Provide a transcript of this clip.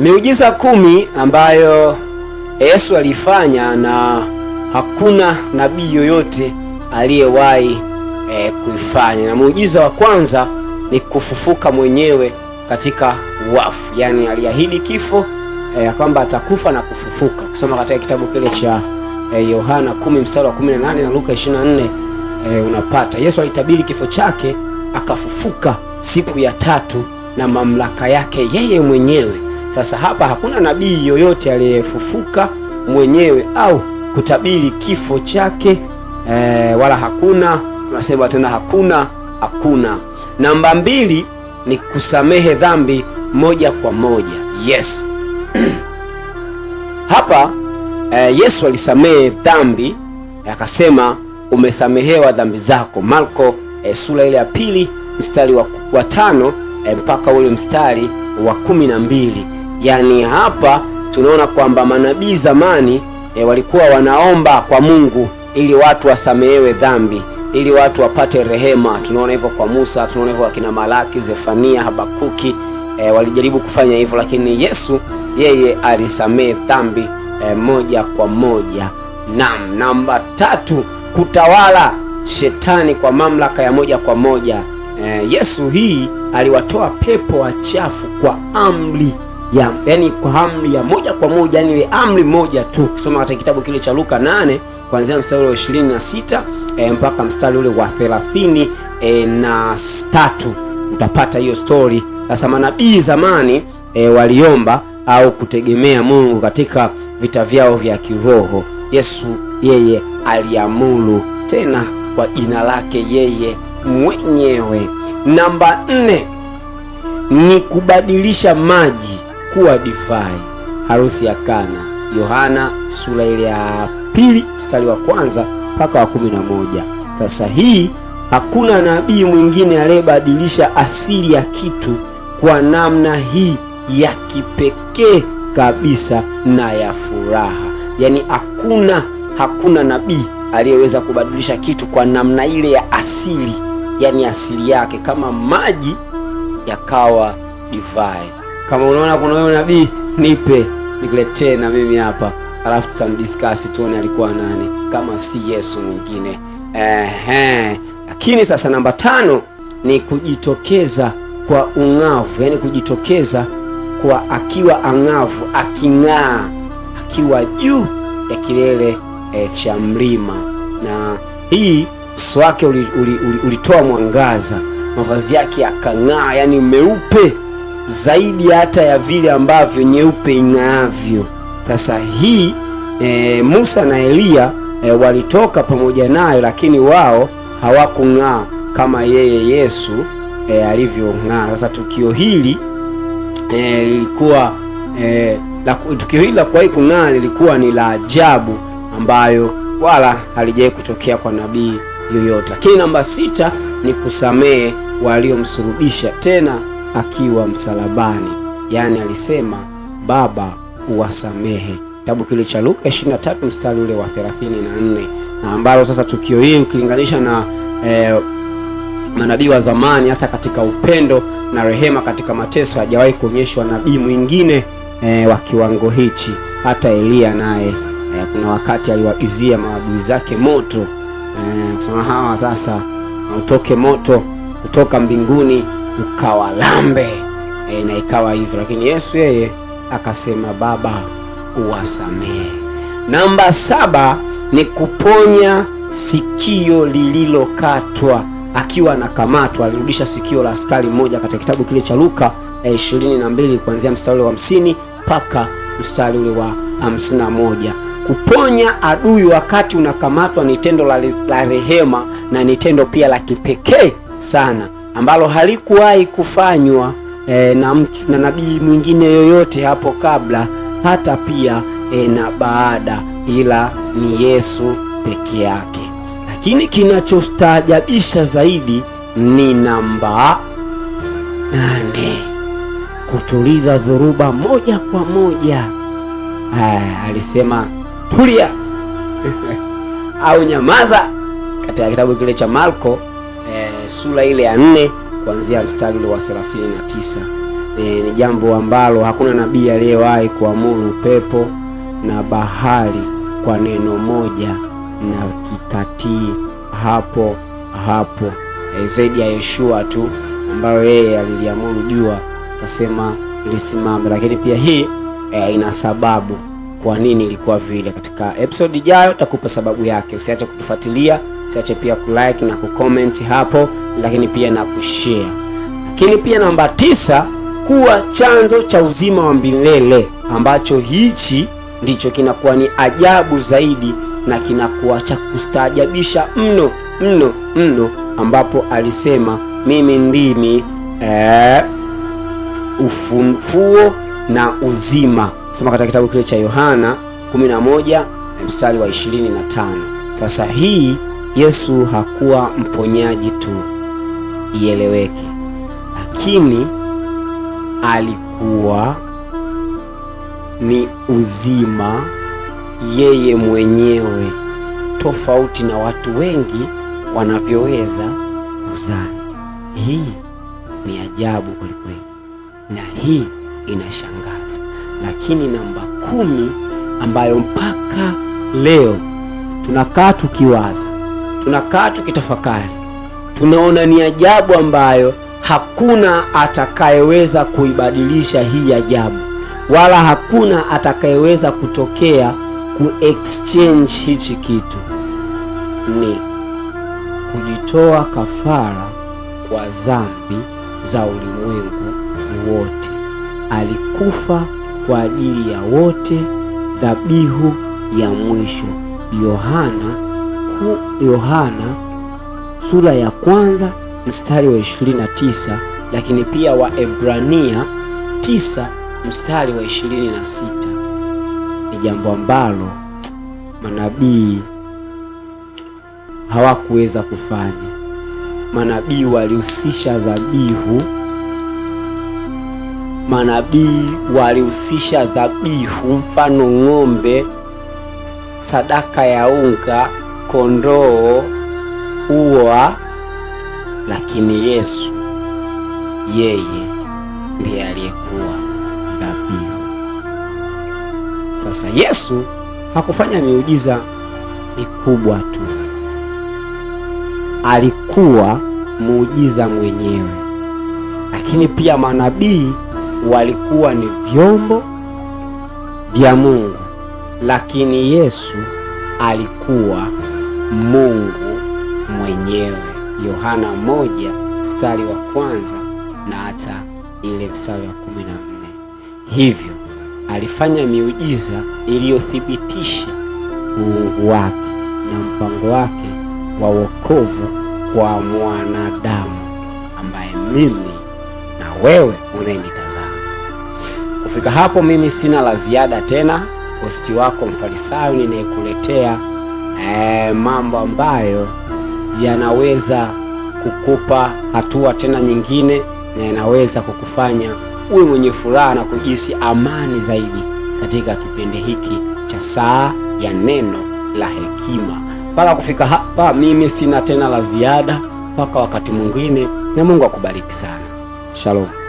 Miujiza kumi ambayo Yesu alifanya na hakuna nabii yoyote aliyewahi e, kuifanya. Na muujiza wa kwanza ni kufufuka mwenyewe katika wafu, yaani aliahidi kifo e, ya e, kwamba atakufa na kufufuka. Kusoma katika kitabu kile cha e, Yohana e, 10 mstari wa 18 na Luka 24 e, unapata Yesu alitabiri kifo chake, akafufuka siku ya tatu na mamlaka yake yeye mwenyewe sasa hapa hakuna nabii yoyote aliyefufuka mwenyewe au kutabiri kifo chake e, wala hakuna tunasema tena hakuna hakuna. Namba mbili ni kusamehe dhambi moja kwa moja. Yes. hapa e, Yesu alisamehe dhambi akasema umesamehewa dhambi zako, Marko e, sura ile ya pili mstari wa, wa tano e, mpaka ule mstari wa kumi na mbili. Yaani hapa tunaona kwamba manabii zamani e, walikuwa wanaomba kwa Mungu ili watu wasamehewe dhambi ili watu wapate rehema. Tunaona hivyo kwa Musa, tunaona hivyo akina Malaki, Zefania, Habakuki e, walijaribu kufanya hivyo, lakini Yesu yeye alisamehe dhambi e, moja kwa moja. Naam, namba tatu, kutawala shetani kwa mamlaka ya moja kwa moja. E, Yesu hii aliwatoa pepo wachafu kwa amri ya yani kwa amri ya moja kwa moja, yani ile amri moja tu. Kusoma katika kitabu kile cha Luka 8 kuanzia mstari wa 26 e, eh, mpaka mstari ule wa 30 e, eh, na tatu utapata hiyo stori. Sasa manabii zamani e, waliomba au kutegemea Mungu katika vita vyao vya kiroho. Yesu yeye aliamuru tena kwa jina lake yeye mwenyewe. Namba nne ni kubadilisha maji kuwa divai. Harusi ya Kana, Yohana sura ile ya pili mstari wa kwanza mpaka wa kumi na moja. Sasa hii hakuna nabii mwingine aliyebadilisha asili ya kitu kwa namna hii ya kipekee kabisa na ya furaha. Yaani hakuna hakuna nabii aliyeweza kubadilisha kitu kwa namna ile ya asili, yaani asili yake kama maji yakawa divai. Kama unaona kuna wewe nabii, nipe nikuletee na mimi hapa, alafu tutamdiskasi tuone alikuwa nani, kama si Yesu mwingine. lakini sasa namba tano ni kujitokeza kwa ung'avu, yani kujitokeza kwa akiwa ang'avu, aking'aa, akiwa juu ya kilele e, cha mlima. Na hii uso wake ulitoa uli, uli, uli mwangaza, mavazi yake yakang'aa, yani meupe zaidi hata ya vile ambavyo nyeupe ing'aavyo. Sasa hii e, Musa na Eliya e, walitoka pamoja nayo, lakini wao hawakung'aa kama yeye Yesu e, alivyong'aa. Sasa tukio hili e, lilikuwa e, la, tukio hili la kuwahi kung'aa lilikuwa ni la ajabu ambayo wala halijawahi kutokea kwa nabii yoyote. Lakini namba sita ni kusamehe waliomsulubisha tena akiwa msalabani, yaani alisema Baba uwasamehe, kitabu kile cha Luka 23 mstari ule wa 34, na ambalo sasa tukio hili ukilinganisha na eh, manabii wa zamani, hasa katika upendo na rehema katika mateso, hajawahi kuonyeshwa nabii mwingine eh, wa kiwango hichi. Hata Eliya naye eh, kuna wakati aliwaagizia maadui zake moto eh, kusema hawa sasa utoke moto kutoka mbinguni ukawalambe e, eh, na ikawa hivyo, lakini Yesu yeye akasema Baba uwasamehe. Namba saba ni kuponya sikio lililokatwa. Akiwa anakamatwa alirudisha sikio la askari mmoja katika kitabu kile cha Luka eh, 22 kuanzia mstari wa 50 mpaka mstari ule wa 51. Kuponya adui wakati unakamatwa ni tendo la, la rehema na ni tendo pia la kipekee sana ambalo halikuwahi kufanywa e, na, na nabii mwingine yoyote hapo kabla hata pia e, na baada, ila ni Yesu peke yake. Lakini kinachostaajabisha zaidi ni namba nane, kutuliza dhoruba moja kwa moja. Aa, alisema tulia au nyamaza, katika kitabu kile cha Marko sura ile ya nne kuanzia mstari wa 39. E, ni jambo ambalo hakuna nabii aliyewahi kuamuru pepo na bahari kwa neno moja na kikatii hapo hapo, e, zaidi ya Yeshua tu ambayo yeye aliliamuru jua akasema lisimame. Lakini pia hii e, ina sababu kwa nini ilikuwa vile. Katika episode ijayo takupa sababu yake. Usiache kutufuatilia siache pia kulike na kucomment hapo, lakini pia na kushare. Lakini pia namba tisa, kuwa chanzo cha uzima wa milele ambacho hichi ndicho kinakuwa ni ajabu zaidi na kinakuwa cha kustaajabisha mno mno mno, ambapo alisema mimi ndimi eh, ufufuo na uzima, sema katika kitabu kile cha Yohana 11 mstari wa 25. Sasa hii Yesu hakuwa mponyaji tu, ieleweke, lakini alikuwa ni uzima yeye mwenyewe, tofauti na watu wengi wanavyoweza kuzani. Hii ni ajabu kwelikweli, na hii inashangaza. Lakini namba kumi ambayo mpaka leo tunakaa tukiwaza tunakaa tukitafakari, tunaona ni ajabu ambayo hakuna atakayeweza kuibadilisha hii ajabu, wala hakuna atakayeweza kutokea kuexchange hichi kitu. Ni kujitoa kafara kwa dhambi za ulimwengu wote. Alikufa kwa ajili ya wote, dhabihu ya mwisho. Yohana Mtakatifu Yohana sura ya kwanza mstari wa 29, lakini pia Waebrania 9 mstari wa 26. Ni jambo ambalo manabii hawakuweza kufanya. Manabii walihusisha dhabihu, manabii walihusisha dhabihu, mfano ng'ombe, sadaka ya unga kondoo ua lakini Yesu yeye ndiye aliyekuwa dhabihu. Sasa Yesu hakufanya miujiza mikubwa tu, alikuwa muujiza mwenyewe, lakini pia manabii walikuwa ni vyombo vya Mungu, lakini Yesu alikuwa Mungu mwenyewe, Yohana moja mstari wa kwanza na hata ile mstari wa kumi na nne. Hivyo alifanya miujiza iliyothibitisha uungu wake na mpango wake wa wokovu kwa mwanadamu ambaye mimi na wewe unayenitazama. Kufika hapo, mimi sina la ziada tena. Hosti wako Mfarisayo ninayekuletea e, mambo ambayo yanaweza kukupa hatua tena nyingine na yanaweza kukufanya uwe mwenye furaha na kujisi amani zaidi katika kipindi hiki cha saa ya neno la hekima. Mpaka kufika hapa, mimi sina tena la ziada, mpaka wakati mwingine, na Mungu akubariki sana. Shalom.